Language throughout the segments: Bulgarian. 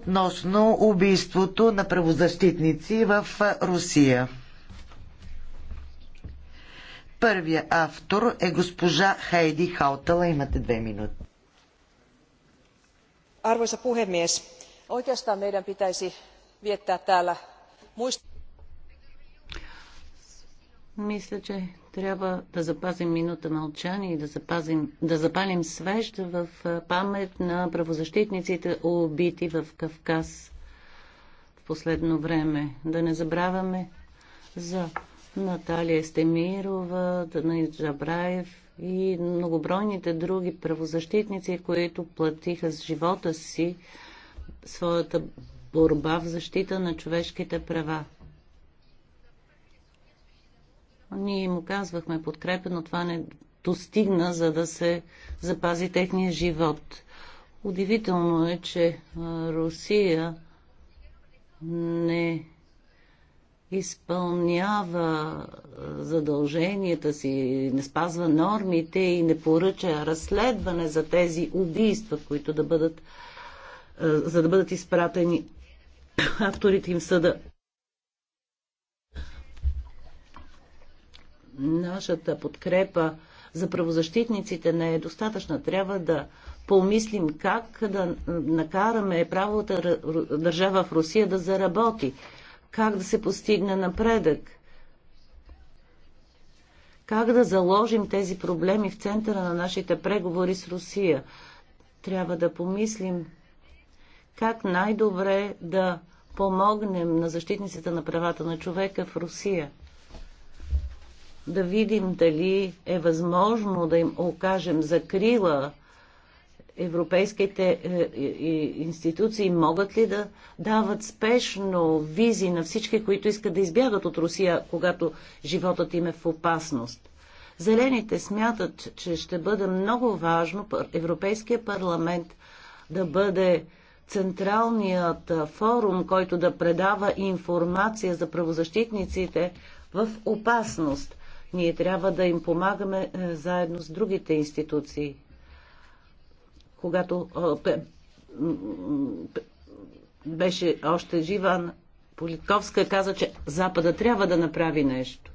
относно убийството на правозащитници в Русия. Първия автор е госпожа Хайди Хаутала. Имате две минути. Arvoisa puhemies, oikeastaan meidän pitäisi viettää täällä muist... Мисля, че трябва да запазим минута мълчание и да, запазим, да запалим свеща в памет на правозащитниците, убити в Кавказ в последно време. Да не забравяме за Наталия Естемирова, Данаил Джабраев и многобройните други правозащитници, които платиха с живота си своята борба в защита на човешките права. Ние му казвахме подкрепа, но това не достигна, за да се запази техния живот. Удивително е, че Русия не изпълнява задълженията си, не спазва нормите и не поръча разследване за тези убийства, които да бъдат, за да бъдат изпратени авторите им съда. нашата подкрепа за правозащитниците не е достатъчна. Трябва да помислим как да накараме правовата държава в Русия да заработи, как да се постигне напредък, как да заложим тези проблеми в центъра на нашите преговори с Русия. Трябва да помислим как най-добре да помогнем на защитниците на правата на човека в Русия да видим дали е възможно да им окажем закрила. Европейските е, институции могат ли да дават спешно визи на всички, които искат да избягат от Русия, когато животът им е в опасност? Зелените смятат, че ще бъде много важно Европейския парламент да бъде централният форум, който да предава информация за правозащитниците в опасност. Ние трябва да им помагаме е, заедно с другите институции. Когато е, беше още жива Политковска, каза, че Запада трябва да направи нещо.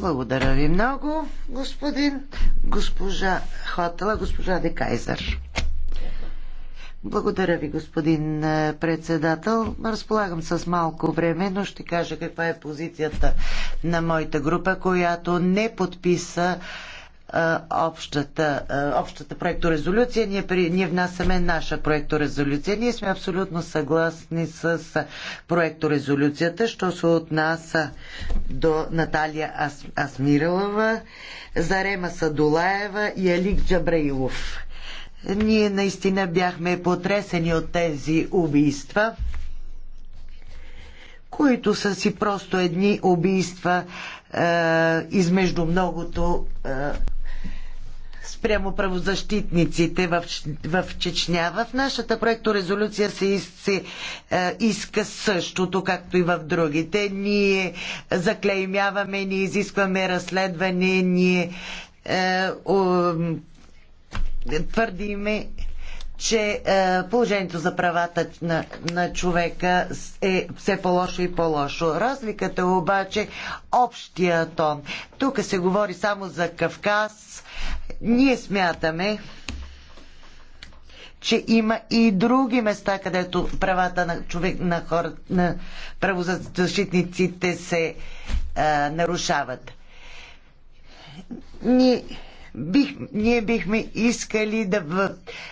Благодаря ви много, господин, госпожа Хотела, госпожа Декайзър. Благодаря ви, господин е, председател. Разполагам с малко време, но ще кажа каква е позицията на моята група, която не подписа е, общата, е, общата проекторезолюция. Ние, при, ние внасяме наша проекторезолюция. Ние сме абсолютно съгласни с проекторезолюцията, що се отнася до Наталия Ас, Асмиралова, Зарема Садулаева и Алик Джабраилов. Ние наистина бяхме потресени от тези убийства, които са си просто едни убийства е, измежду многото е, спрямо правозащитниците в, в Чечня. В нашата проекторезолюция се, се е, иска същото, както и в другите. Ние заклеймяваме, ние изискваме разследване, ние е, твърдиме, че е, положението за правата на, на човека е все по-лошо и по-лошо. Разликата е обаче общия тон. Тук се говори само за Кавказ. Ние смятаме, че има и други места, където правата на човек, на хора, на правозащитниците се а, е, нарушават. Ние бих, ние бихме искали да в,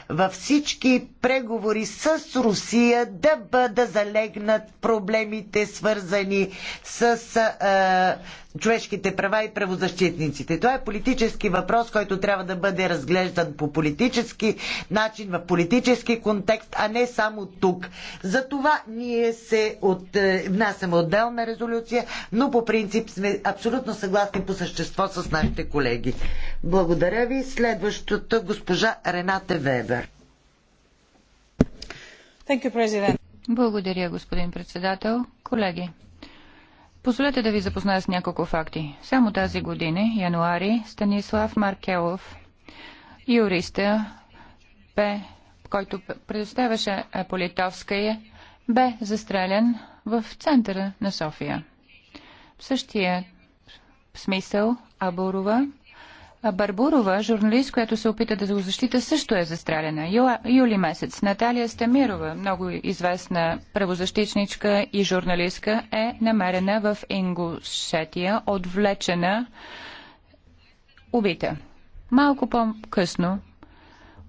във всички преговори с Русия да, бъда залегнат проблемите свързани с а, човешките права и правозащитниците. Това е политически въпрос, който трябва да бъде разглеждан по политически начин, в политически контекст, а не само тук. За това ние се от, е, внасяме отделна резолюция, но по принцип сме абсолютно съгласни по същество с нашите колеги. Благодаря ви. Следващото госпожа Рената Вебер. Thank you, President. Благодаря, господин председател. Колеги, Позволете да ви запозная с няколко факти. Само тази година, януари, Станислав Маркелов, юриста, бе, който предоставяше Политовска, бе застрелян в центъра на София. В същия смисъл Абурова, Барбурова, журналист, която се опита да го защита, също е застрелена. Юла, юли месец Наталия Стамирова, много известна правозащитничка и журналистка, е намерена в Ингушетия, отвлечена, убита. Малко по-късно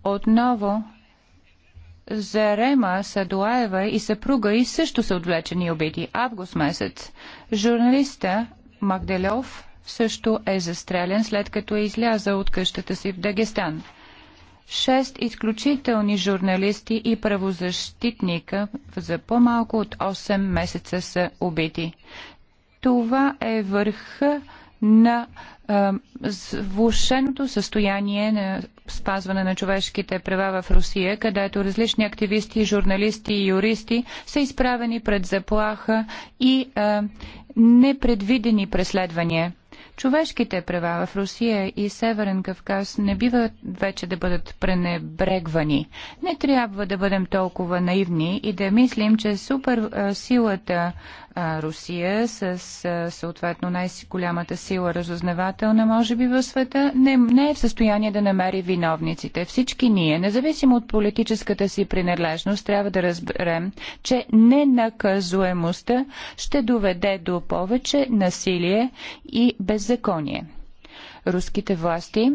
отново Зарема Садуаева и съпруга и също са отвлечени и убити. Август месец журналиста Магдалев също е застрелян след като е излязъл от къщата си в Дагестан. Шест изключителни журналисти и правозащитника за по-малко от 8 месеца са убити. Това е върха на влушеното състояние на спазване на човешките права в Русия, където различни активисти, журналисти и юристи са изправени пред заплаха и а, непредвидени преследвания. Човешките права в Русия и Северен Кавказ не бива вече да бъдат пренебрегвани. Не трябва да бъдем толкова наивни и да мислим, че супер силата Русия с съответно най-голямата сила разузнавателна, може би в света, не, не е в състояние да намери виновниците. Всички ние, независимо от политическата си принадлежност, трябва да разберем, че ненаказуемостта ще доведе до повече насилие и беззаконие. Руските власти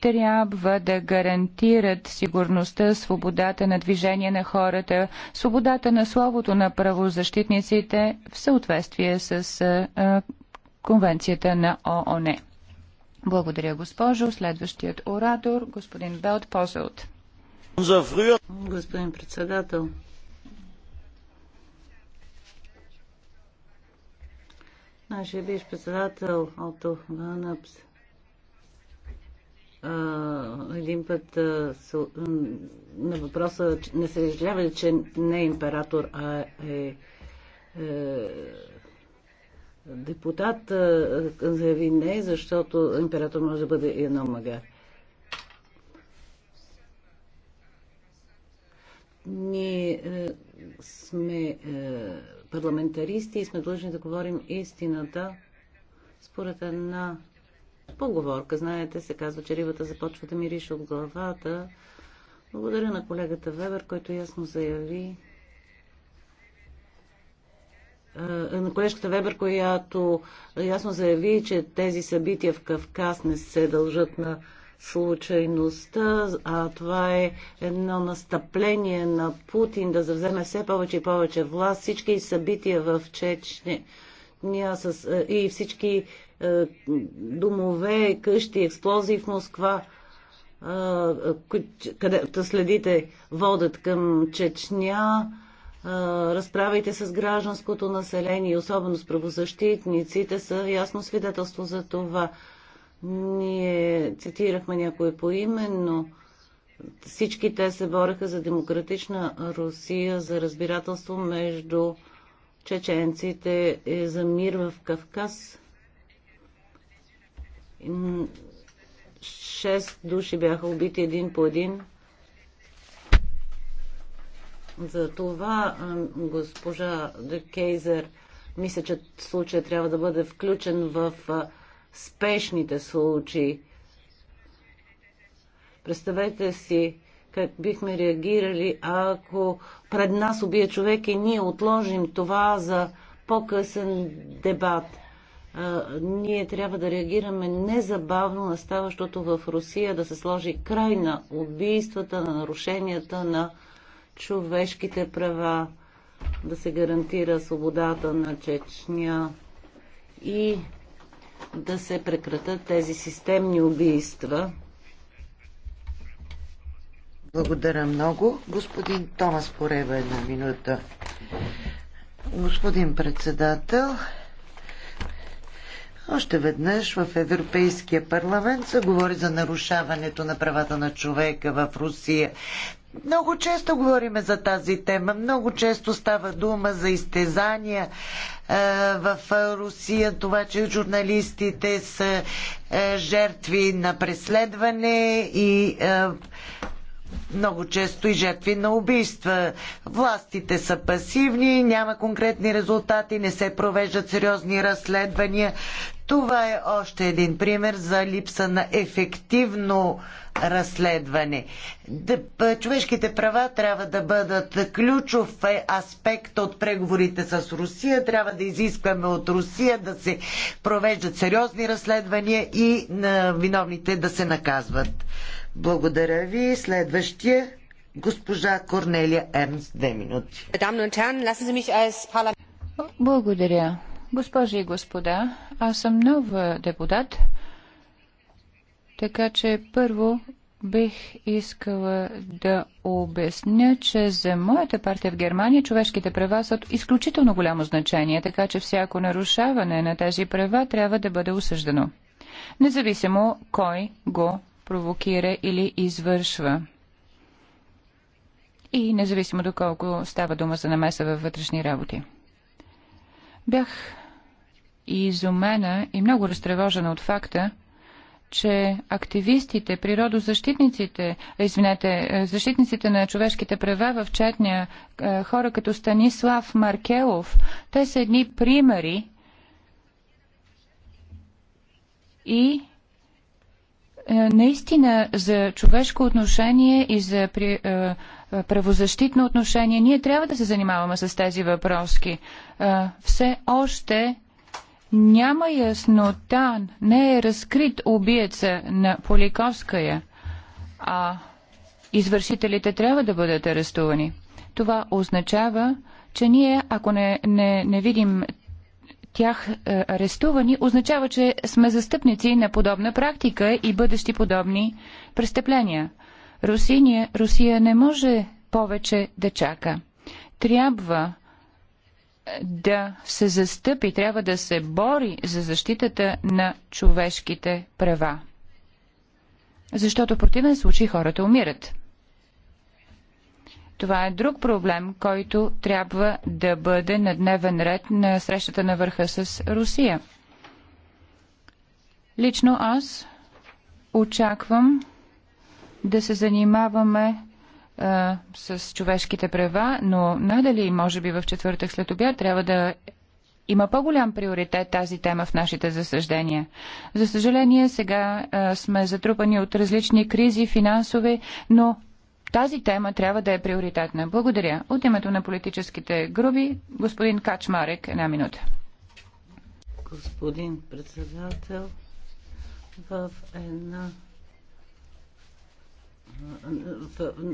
трябва да гарантират сигурността, свободата на движение на хората, свободата на словото на правозащитниците в съответствие с а, Конвенцията на ООН. Благодаря, госпожо. Следващият оратор, господин Белт Позълт. Господин председател, нашия биш председател Ото Ганапс един път на въпроса не се ли, че не е император, а е, е депутат, заяви не, защото император може да бъде и едно магар. Ние е, сме е, парламентаристи и сме длъжни да говорим истината според една поговорка. Знаете, се казва, че рибата започва да мирише от главата. Благодаря на колегата Вебер, който ясно заяви, е, на колежката Вебер, която ясно заяви, че тези събития в Кавказ не се дължат на случайността, а това е едно настъпление на Путин да завземе все повече и повече власт. Всички събития в Чечня, с, е, и всички е, домове, къщи, експлозии в Москва, е, където следите, водят към Чечня. Разправите с гражданското население, особено с правозащитниците, са ясно свидетелство за това. Ние цитирахме някои но Всички те се бореха за демократична Русия, за разбирателство между чеченците е за мир в Кавказ. Шест души бяха убити един по един. За това госпожа Декейзер мисля, че случая трябва да бъде включен в спешните случаи. Представете си, как бихме реагирали, ако пред нас убие човек и ние отложим това за по-късен дебат. А, ние трябва да реагираме незабавно на ставащото в Русия, да се сложи край на убийствата, на нарушенията на човешките права, да се гарантира свободата на Чечня и да се прекратят тези системни убийства. Благодаря много. Господин Томас Порева, една минута. Господин председател, още веднъж в Европейския парламент се говори за нарушаването на правата на човека в Русия. Много често говориме за тази тема. Много често става дума за изтезания е, в Русия, това, че журналистите са е, жертви на преследване и е, много често и жертви на убийства. Властите са пасивни, няма конкретни резултати, не се провеждат сериозни разследвания. Това е още един пример за липса на ефективно разследване. Човешките права трябва да бъдат ключов е, аспект от преговорите с Русия. Трябва да изискваме от Русия да се провеждат сериозни разследвания и на виновните да се наказват. Благодаря ви. Следващия госпожа Корнелия Ернст, две минути. Благодаря. Госпожи и господа, аз съм нов депутат, така че първо бих искала да обясня, че за моята партия в Германия човешките права са от изключително голямо значение, така че всяко нарушаване на тези права трябва да бъде осъждано. Независимо кой го провокира или извършва. И независимо доколко става дума за намеса във вътрешни работи. Бях и изумена и много разтревожена от факта, че активистите, природозащитниците, извинете, е, защитниците на човешките права в Четния, е, хора като Станислав Маркелов, те са едни примери и е, наистина за човешко отношение и за при, правозащитно отношение ние трябва да се занимаваме с тези въпроски. Все още няма яснота, не е разкрит убиеца на Поликовская, а извършителите трябва да бъдат арестувани. Това означава, че ние, ако не, не, не видим тях е, арестувани, означава, че сме застъпници на подобна практика и бъдещи подобни престъпления. Русиния, Русия не може повече да чака. Трябва да се застъпи, трябва да се бори за защитата на човешките права. Защото в противен случай хората умират. Това е друг проблем, който трябва да бъде на дневен ред на срещата на върха с Русия. Лично аз очаквам да се занимаваме а, с човешките права, но надали, може би в четвъртък след обяд, трябва да има по-голям приоритет тази тема в нашите засъждения. За съжаление, сега а, сме затрупани от различни кризи, финансови, но тази тема трябва да е приоритетна. Благодаря. От името на политическите груби, господин Качмарек, една минута. Господин председател, в една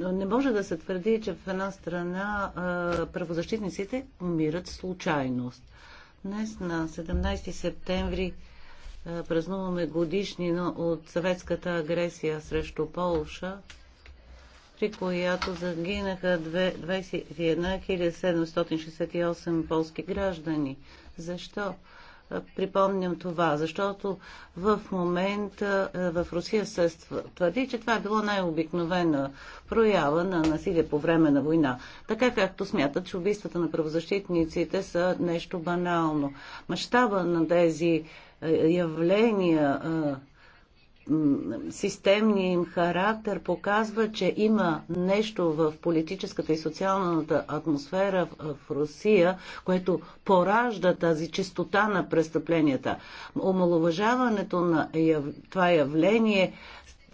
не може да се твърди, че в една страна правозащитниците умират случайност. Днес на 17 септември празнуваме годишнина от съветската агресия срещу Полша, при която загинаха 21 768 полски граждани. Защо? припомням това, защото в момента е, в Русия се твърди, че това е било най-обикновена проява на насилие по време на война. Така както смятат, че убийствата на правозащитниците са нещо банално. Мащаба на тези е, явления е, системния им характер показва, че има нещо в политическата и социалната атмосфера в Русия, което поражда тази чистота на престъпленията. Омалуважаването на това явление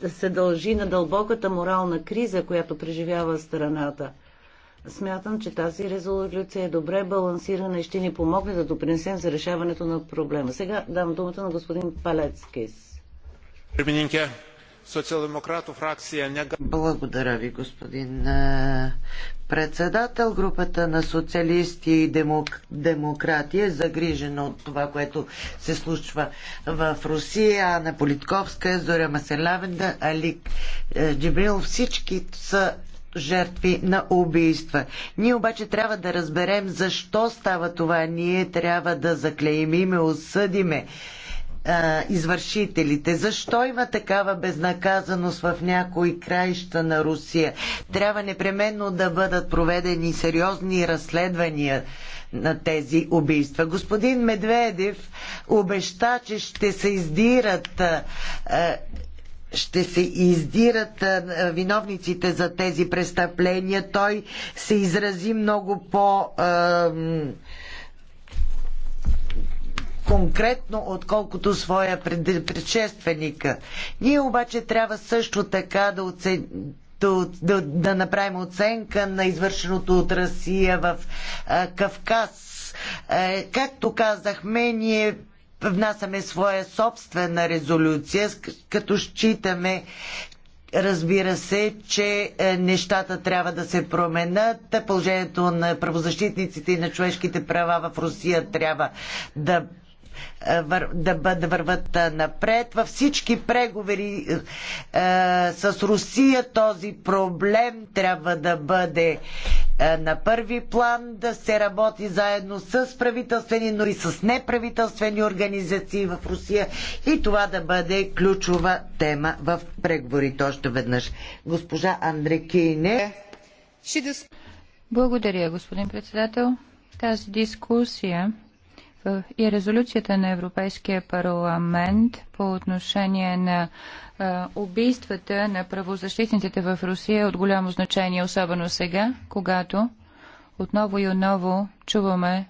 се дължи на дълбоката морална криза, която преживява страната. Смятам, че тази резолюция е добре балансирана и ще ни помогне да допринесем за решаването на проблема. Сега дам думата на господин Палецкис. Благодаря ви, господин председател. Групата на социалисти и демок... демократи е загрижена от това, което се случва в Русия. Ана Политковска, Зоря Маселавенда, Алик е, Джибрил, всички са жертви на убийства. Ние обаче трябва да разберем защо става това. Ние трябва да заклеймиме, осъдиме а, извършителите. Защо има такава безнаказаност в някои краища на Русия? Трябва непременно да бъдат проведени сериозни разследвания на тези убийства. Господин Медведев обеща, че ще се издират а, ще се издират виновниците за тези престъпления. Той се изрази много по- конкретно отколкото своя предшественика. Ние обаче трябва също така да оценим да, да направим оценка на извършеното от Русия в а, Кавказ. А, е, както казахме, ние внасяме своя собствена резолюция, като считаме, Разбира се, че е, нещата трябва да се променят. Положението на правозащитниците и на човешките права в Русия трябва да е, да, да върват е, напред. Във всички преговори е, с Русия този проблем трябва да бъде е, на първи план, да се работи заедно с правителствени, но и с неправителствени организации в Русия и това да бъде ключова тема в преговорите още веднъж. Госпожа Андре Кейне. Благодаря, господин председател. Тази дискусия и резолюцията на Европейския парламент по отношение на убийствата на правозащитниците в Русия е от голямо значение, особено сега, когато отново и отново чуваме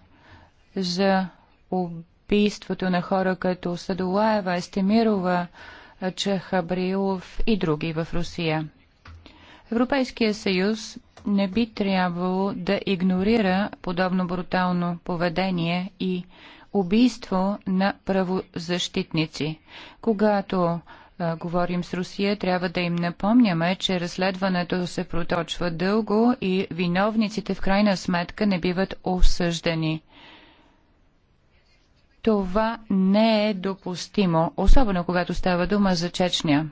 за убийството на хора като Садолаева, Естемирова, Чехабрилов и други в Русия. Европейския съюз не би трябвало да игнорира подобно брутално поведение и убийство на правозащитници. Когато а, говорим с Русия, трябва да им напомняме, че разследването се проточва дълго и виновниците в крайна сметка не биват осъждани. Това не е допустимо, особено когато става дума за Чечня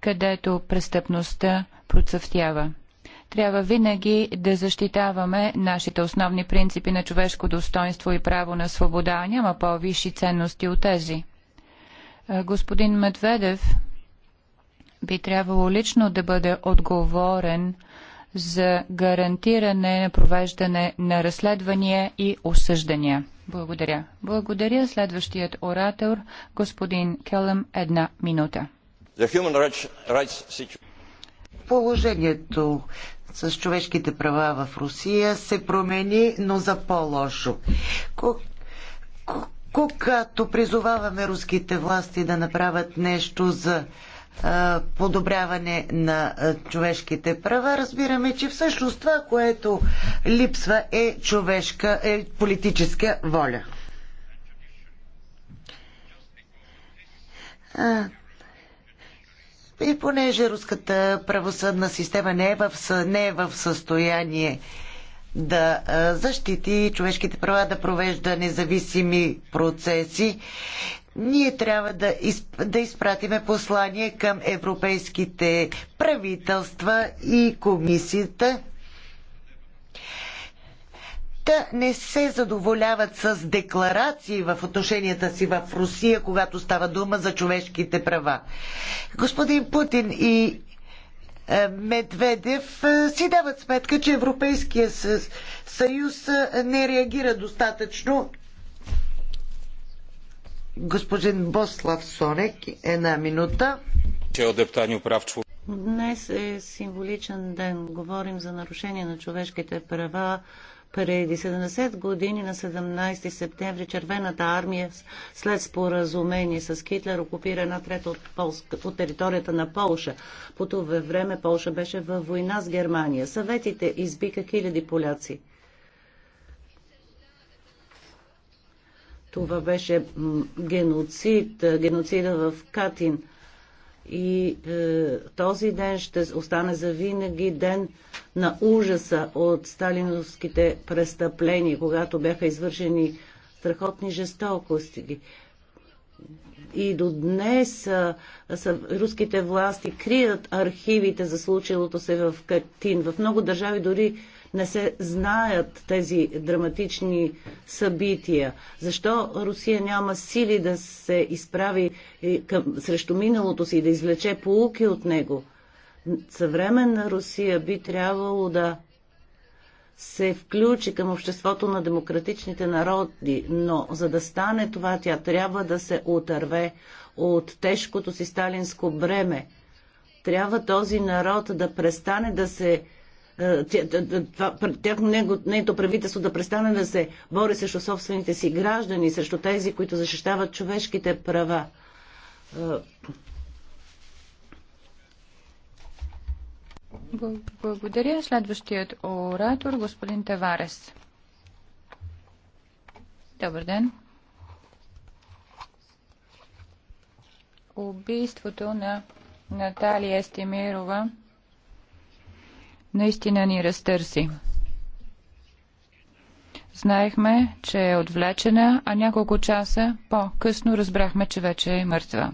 където престъпността процъфтява. Трябва винаги да защитаваме нашите основни принципи на човешко достоинство и право на свобода. Няма по-висши ценности от тези. Господин Медведев би трябвало лично да бъде отговорен за гарантиране на провеждане на разследвания и осъждания. Благодаря. Благодаря. Следващият оратор, господин Келъм, една минута. Положението с човешките права в Русия се промени, но за по-лошо. Когато призоваваме руските власти да направят нещо за подобряване на човешките права, разбираме, че всъщност това, което липсва е човешка, е политическа воля. И понеже руската правосъдна система не е в, не е в състояние да защити човешките права, да провежда независими процеси, ние трябва да, изп... да изпратиме послание към европейските правителства и комисията да не се задоволяват с декларации в отношенията си в Русия, когато става дума за човешките права. Господин Путин и е, Медведев е, си дават сметка, че Европейския съюз е, не реагира достатъчно. Господин Бослав Сонек, една минута. Че одептанию прав човек. Днес е символичен ден. Говорим за нарушение на човешките права преди 70 години на 17 септември Червената армия след споразумение с Хитлер окупира една трета от, Полска, от територията на Полша. По това време Полша беше във война с Германия. Съветите избиха хиляди поляци. Това беше геноцид, геноцида в Катин. И е, този ден ще остане завинаги ден на ужаса от сталиновските престъпления, когато бяха извършени страхотни жестокости. И до днес а, е, са, руските власти крият архивите за случилото се в Катин. В много държави дори не се знаят тези драматични събития? Защо Русия няма сили да се изправи е, към, срещу миналото си и да извлече полуки от него? Съвременна Русия би трябвало да се включи към обществото на демократичните народи, но за да стане това, тя трябва да се отърве от тежкото си сталинско бреме. Трябва този народ да престане да се е, нейното правителство да престане да се бори срещу собствените си граждани, срещу тези, които защищават човешките права. Е, благодаря. Следващият оратор, господин Таварес. Добър ден. Убийството на Наталия Естимирова наистина ни разтърси. Знаехме, че е отвлечена, а няколко часа по-късно разбрахме, че вече е мъртва.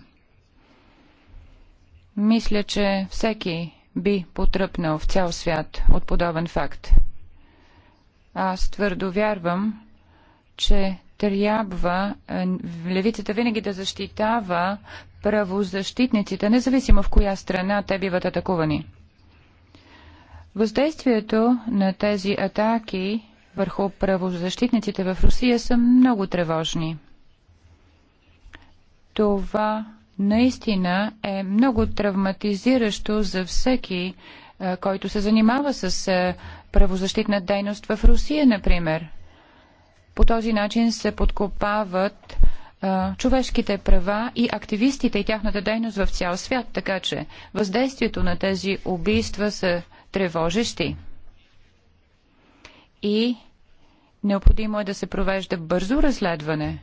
Мисля, че всеки би потръпнал в цял свят от подобен факт. Аз твърдо вярвам, че трябва е, левицата винаги да защитава правозащитниците, независимо в коя страна те биват атакувани. Въздействието на тези атаки върху правозащитниците в Русия са много тревожни. Това наистина е много травматизиращо за всеки, е, който се занимава с е, правозащитна дейност в Русия, например. По този начин се подкопават е, човешките права и активистите и тяхната дейност в цял свят. Така че въздействието на тези убийства са тревожещи. И необходимо е да се провежда бързо разследване.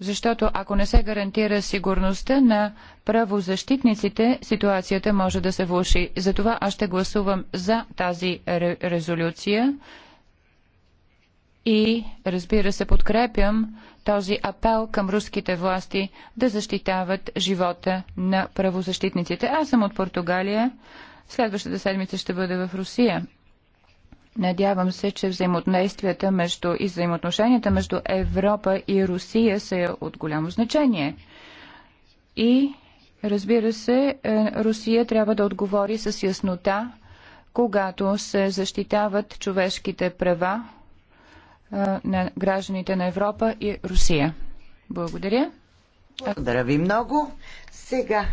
Защото ако не се гарантира сигурността на правозащитниците, ситуацията може да се влуши. Затова аз ще гласувам за тази резолюция и, разбира се, подкрепям този апел към руските власти да защитават живота на правозащитниците. Аз съм от Португалия. Следващата седмица ще бъде в Русия. Надявам се, че взаимодействията между и взаимоотношенията между Европа и Русия са от голямо значение. И, разбира се, е, Русия трябва да отговори с яснота, когато се защитават човешките права на гражданите на Европа и Русия. Благодаря. Благодаря ви много. Сега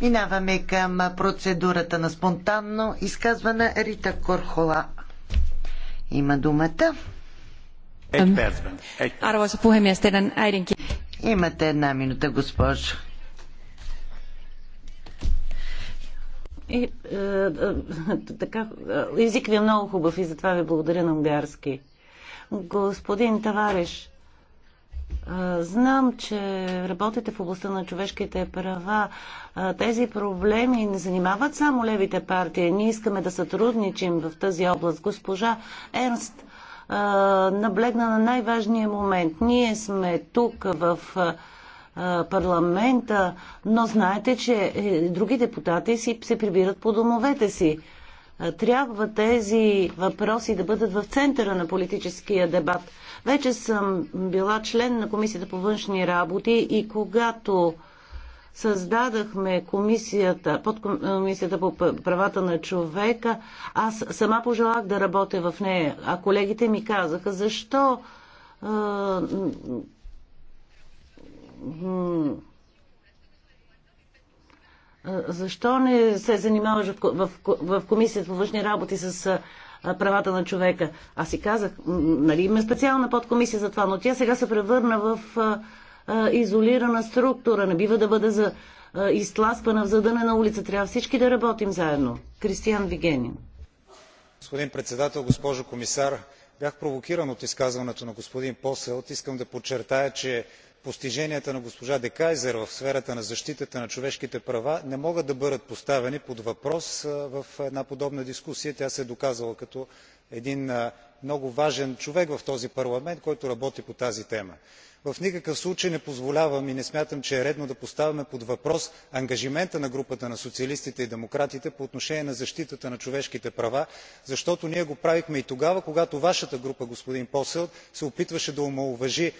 минаваме към процедурата на спонтанно изказване Рита Корхола. Има думата. Arvoisa Пухемия, teidän Айденки. Имате една минута, госпожо. И, е, е, така, е, език ви е много хубав и затова ви благодаря на унгарски. Господин Тавареш, Знам, че работите в областта на човешките права. Тези проблеми не занимават само левите партии. Ние искаме да сътрудничим в тази област. Госпожа Ернст наблегна на най-важния момент. Ние сме тук в парламента, но знаете, че е, други депутати си се прибират по домовете си. Трябва тези въпроси да бъдат в центъра на политическия дебат. Вече съм била член на Комисията по външни работи и когато създадахме комисията, под комисията по правата на човека, аз сама пожелах да работя в нея, а колегите ми казаха защо защо не се занимаваш в, в, в комисията по външни работи с правата на човека? Аз си казах, нали има специална подкомисия за това, но тя сега се превърна в изолирана структура. Не бива да бъде за, изтласквана в задъна на улица. Трябва всички да работим заедно. Кристиян Вигенин. Господин председател, госпожо комисар, бях провокиран от изказването на господин Посел. Искам да подчертая, че постиженията на госпожа де кайзер в сферата на защитата на човешките права не могат да бъдат поставени под въпрос в една подобна дискусия. тя се е доказала като един много важен човек в този парламент който работи по тази тема. в никакъв случай не позволявам и не смятам че е редно да поставяме под въпрос ангажимента на групата на социалистите и демократите по отношение на защитата на човешките права защото ние го правихме и тогава когато вашата група господин posselt се опитваше да омаловажи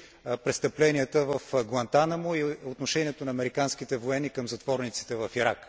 престъпленията в гуантанамо и отношението на американските военни към затворниците в ирак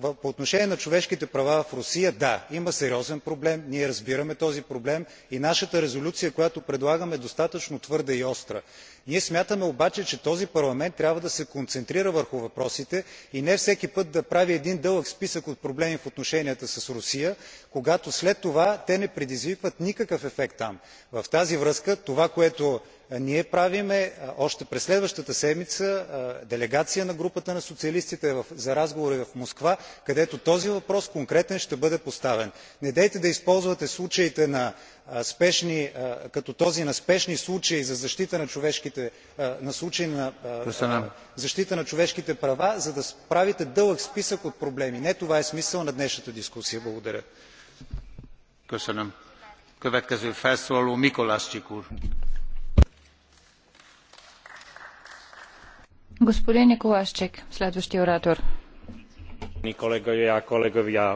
по отношение на човешките права в русия да има сериозен проблем ние разбираме този проблем и нашата резолюция която предлагаме е достатъчно твърда и остра. ние смятаме обаче че този парламент трябва да се концентрира върху въпросите и не всеки път да прави един дълъг списък от проблеми в отношенията с русия когато след това те не предизвикват никакъв ефект там. в тази връзка това което ние правим още през следващата седмица делегация на групата на социалистите за разговори в москва където този конкретен въпрос ще бъде поставен. недейте да използвате случаите като този на спешни случаи за защита на човешките права за да правите дълъг списък от проблеми. не това е смисълът на днешната дискусия. благодаря. Господин оратор. Kolegovia kolegovia,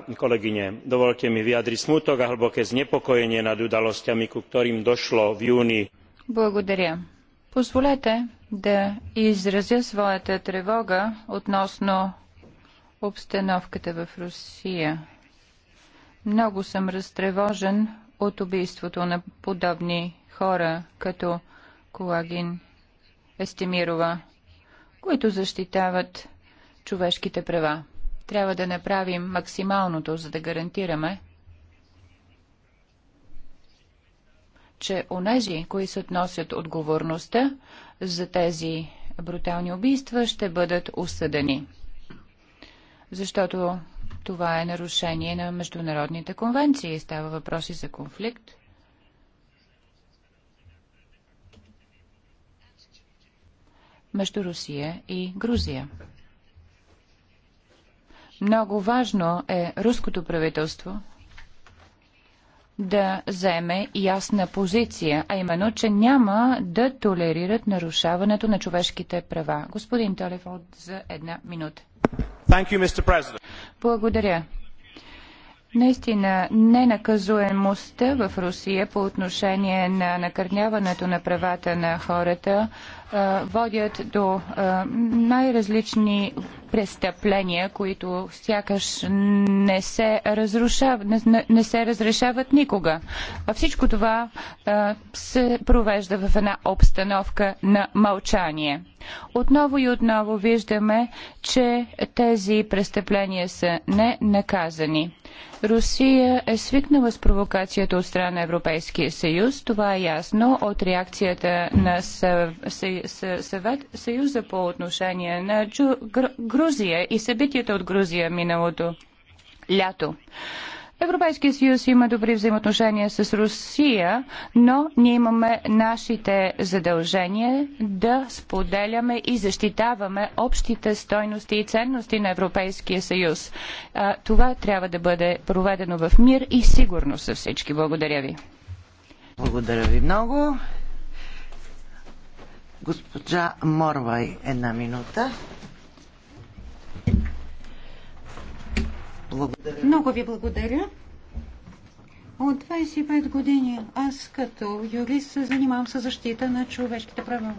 mi vyjadriť smútok a hlboké znepokojenie nad udalosťami, ku ktorým došlo v júni. Благодаря. Позволете да изразя своята тревога относно обстановката в Русия. Много съм разтревожен от убийството на подобни хора, като Колагин Естемирова които защитават човешките права. Трябва да направим максималното, за да гарантираме, че онези, които се относят отговорността за тези брутални убийства, ще бъдат осъдени. Защото това е нарушение на международните конвенции. Става въпроси за конфликт, между Русия и Грузия. Много важно е руското правителство да заеме ясна позиция, а именно, че няма да толерират нарушаването на човешките права. Господин Толев, за една минута. Благодаря. Наистина, ненаказуемостта в Русия по отношение на накърняването на правата на хората водят до най-различни престъпления, които сякаш не се, разрушав, не, не се разрешават никога. А всичко това а, се провежда в една обстановка на мълчание. Отново и отново виждаме, че тези престъпления са ненаказани. Русия е свикнала с провокацията от страна на Европейския съюз. Това е ясно от реакцията на Съвет Съюза по отношение на Грузия и събитията от Грузия миналото лято. Европейския съюз има добри взаимоотношения с Русия, но ние имаме нашите задължения да споделяме и защитаваме общите стойности и ценности на Европейския съюз. Това трябва да бъде проведено в мир и сигурност за всички. Благодаря ви. Благодаря ви много. Госпожа Морвай, една минута. Благодаря. Много ви благодаря. От 25 години аз като юрист се занимавам с защита на човешките права.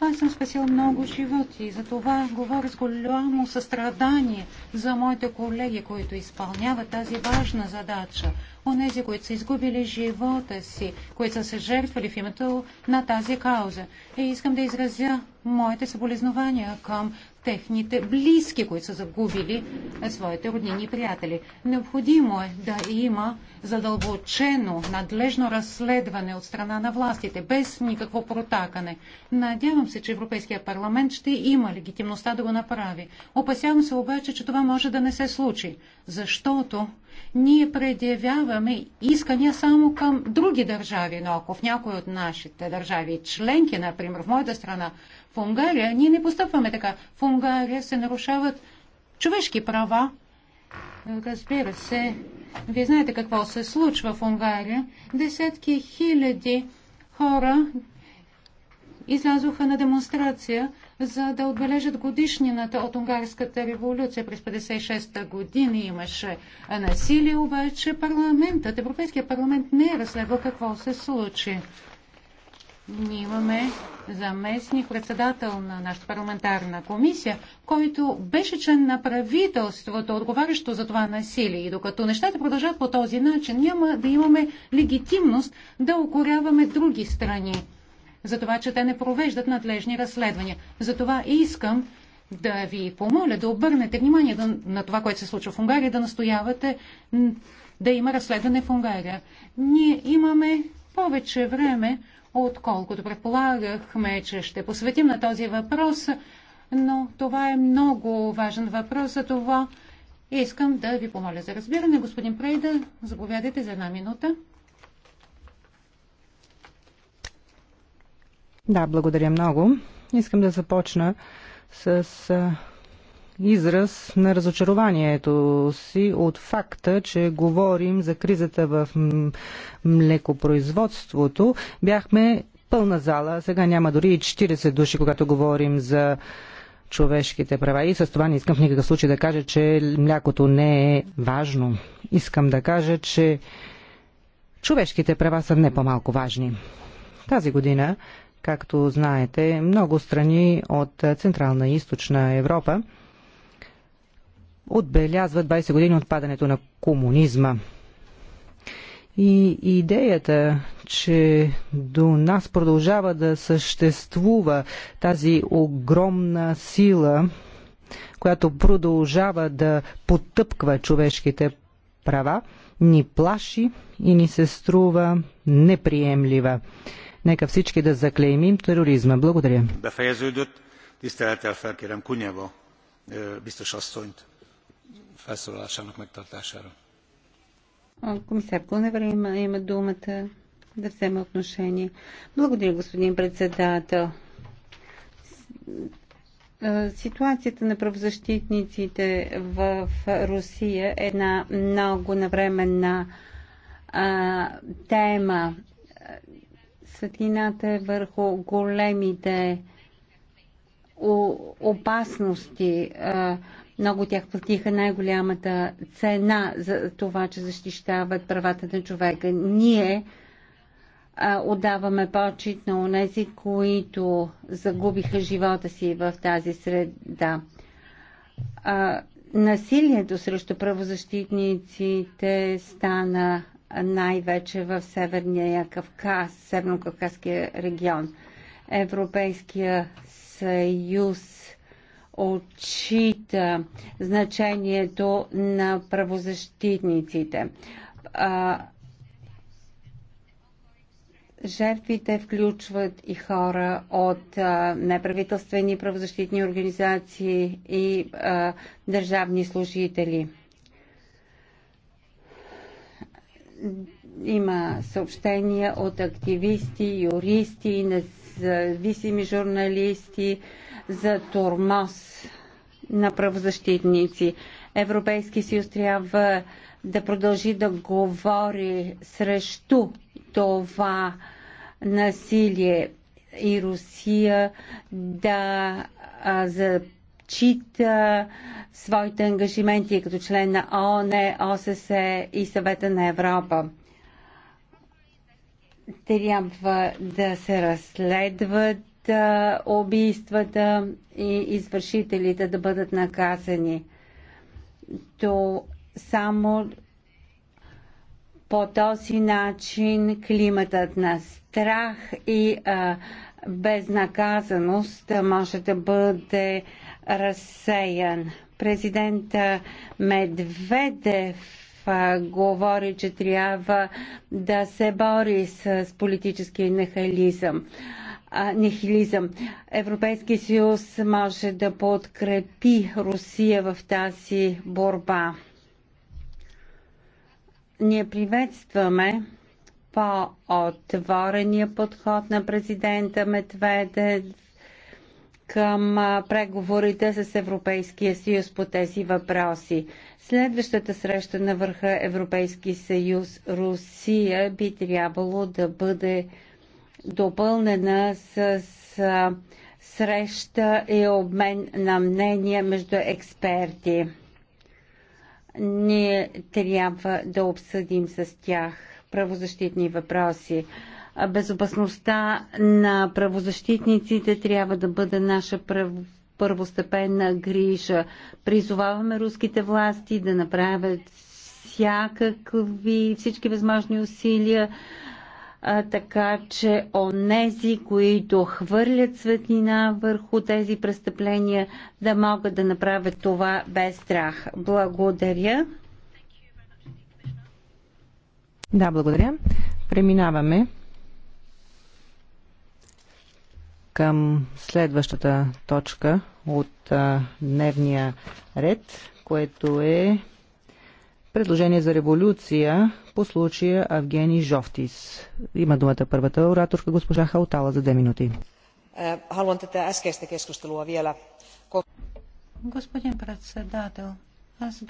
Аз съм спасил много животи и за това говоря с голямо състрадание за моите колеги, които изпълняват тази важна задача. Онези, които са изгубили живота си, които са се жертвали в името на тази кауза. И е, искам да изразя моите съболезнования към техните близки, които са загубили своите роднини и приятели. Необходимо е да има задълбочено, надлежно разследване от страна на властите, без никакво протакане. Надявам се, че Европейския парламент ще има легитимността да го направи. Опасявам се обаче, че това може да не се случи, защото ние предявяваме искания само към други държави, но ако в някои от нашите държави членки, например, например, в моята страна, в Унгария, ние не постъпваме така. В Унгария се нарушават човешки права. Разбира се, вие знаете какво се случва в Унгария. Десетки хиляди хора излязоха на демонстрация, за да отбележат годишнината от унгарската революция. През 56-та година имаше насилие, обаче парламентът, Европейския парламент не е разследвал какво се случи ние имаме заместник председател на нашата парламентарна комисия, който беше член на правителството, отговарящо за това насилие. И докато нещата продължат по този начин, няма да имаме легитимност да укоряваме други страни за това, че те не провеждат надлежни разследвания. Затова искам да ви помоля да обърнете внимание на това, което се случва в Унгария, да настоявате да има разследване в Унгария. Ние имаме повече време, отколкото предполагахме, че ще посветим на този въпрос, но това е много важен въпрос, за това искам да ви помоля за разбиране. Господин Прейда, заповядайте за една минута. Да, благодаря много. Искам да започна с израз на разочарованието си от факта, че говорим за кризата в млекопроизводството. Бяхме пълна зала, сега няма дори и 40 души, когато говорим за човешките права. И с това не искам в никакъв случай да кажа, че млякото не е важно. Искам да кажа, че човешките права са не по-малко важни. Тази година, както знаете, много страни от Централна и Източна Европа отбелязва 20 години от падането на комунизма. И идеята, че до нас продължава да съществува тази огромна сила, която продължава да потъпква човешките права, ни плаши и ни се струва неприемлива. Нека всички да заклеймим тероризма. Благодаря. Befejeződött. Tisztelettel felkérem Kunyevo biztos asszonyt felszólalásának megtartására. Комисар Кунева има, има думата да вземе отношение. Благодаря, господин председател. Ситуацията на правозащитниците в Русия е една много навременна а, тема. Светлината е върху големите опасности. А, много от тях платиха най-голямата цена за това, че защищават правата на човека. Ние а, отдаваме почет на онези, които загубиха живота си в тази среда. А, насилието срещу правозащитниците стана най-вече в Северния Кавказ, Северно-Кавказския регион. Европейския съюз отчита значението на правозащитниците. А, жертвите включват и хора от а, неправителствени правозащитни организации и а, държавни служители. Има съобщения от активисти, юристи, независими журналисти, за тормоз на правозащитници. Европейски съюз трябва да продължи да говори срещу това насилие и Русия да а, зачита своите ангажименти като член на ООН, ОССЕ и Съвета на Европа. Трябва да се разследват убийствата и извършителите да бъдат наказани. То само по този начин климатът на страх и а, безнаказаност може да бъде разсеян. Президент Медведев говори, че трябва да се бори с политическия нехализъм нихилизъм. Европейския съюз може да подкрепи Русия в тази борба. Ние приветстваме по-отворения подход на президента Медведев към преговорите с Европейския съюз по тези въпроси. Следващата среща на върха Европейски съюз Русия би трябвало да бъде допълнена с среща и обмен на мнения между експерти. Ние трябва да обсъдим с тях правозащитни въпроси. Безопасността на правозащитниците трябва да бъде наша първостепенна грижа. Призоваваме руските власти да направят всякакви, всички възможни усилия а, така че онези, които хвърлят светлина върху тези престъпления, да могат да направят това без страх. Благодаря. Да, благодаря. Преминаваме към следващата точка от а, дневния ред, което е предложение за революция по случая Авгени Жовтис. Има думата първата ораторка госпожа Хаутала за две минути. Е, Господин председател, аз бих